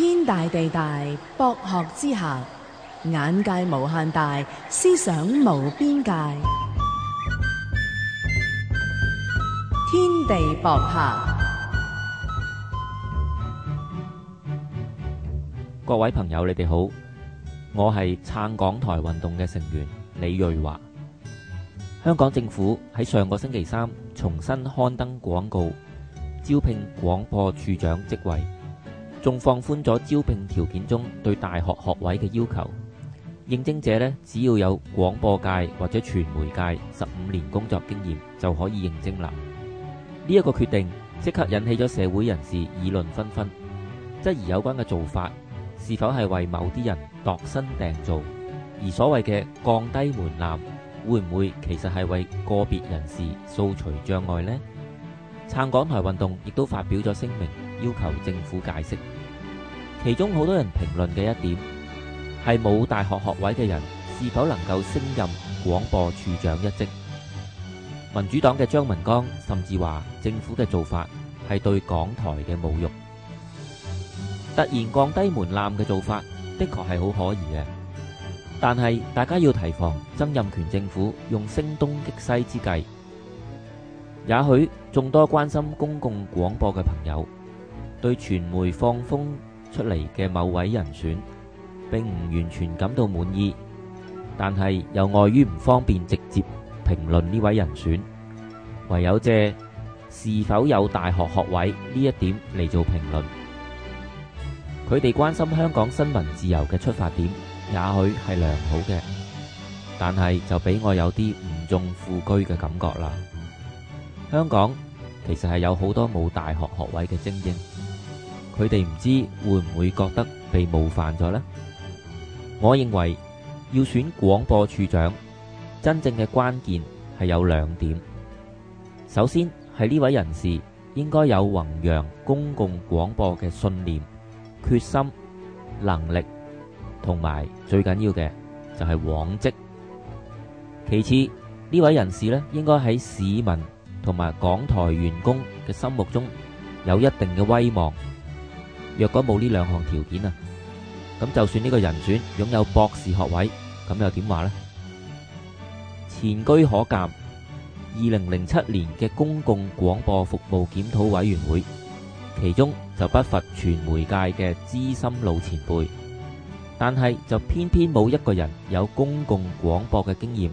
天大地大，博學之下，眼界無限大，思想無邊界。天地博客，各位朋友，你哋好，我係撐港台運動嘅成員李銳華。香港政府喺上個星期三重新刊登廣告，招聘廣播處長職位。仲放寬咗招聘條件中對大學學位嘅要求，應徵者呢，只要有廣播界或者傳媒界十五年工作經驗就可以應徵啦。呢、這、一個決定即刻引起咗社會人士議論紛紛，質疑有關嘅做法是否係為某啲人度身訂造，而所謂嘅降低門檻會唔會其實係為個別人士掃除障礙呢？撐港台運動亦都發表咗聲明，要求政府解釋。其中好多人評論嘅一點係冇大學學位嘅人是否能夠升任廣播處長一職。民主黨嘅張文光甚至話，政府嘅做法係對港台嘅侮辱。突然降低門檻嘅做法，的確係好可疑嘅。但係大家要提防曾蔭權政府用聲東擊西之計。也許眾多關心公共廣播嘅朋友對傳媒放風出嚟嘅某位人選，並唔完全感到滿意，但係又礙於唔方便直接評論呢位人選，唯有借是否有大學學位呢一點嚟做評論。佢哋關心香港新聞自由嘅出發點，也許係良好嘅，但係就俾我有啲唔重富居嘅感覺啦。香港其實係有好多冇大學學位嘅精英，佢哋唔知會唔會覺得被冒犯咗呢？我認為要選廣播處長，真正嘅關鍵係有兩點。首先係呢位人士應該有宏揚公共廣播嘅信念、決心、能力，同埋最緊要嘅就係往績。其次呢位人士呢應該喺市民。同埋港台員工嘅心目中有一定嘅威望，若果冇呢兩項條件啊，咁就算呢個人選擁有博士學位，咁又點話呢？前居可鑒，二零零七年嘅公共廣播服務檢討委員會，其中就不乏傳媒界嘅資深老前輩，但係就偏偏冇一個人有公共廣播嘅經驗，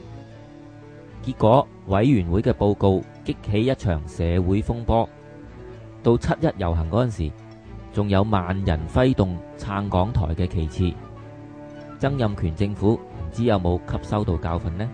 結果。委員會嘅報告激起一場社會風波，到七一遊行嗰陣時，仲有萬人揮動撐港台嘅旗幟。曾蔭權政府唔知有冇吸收到教訓呢？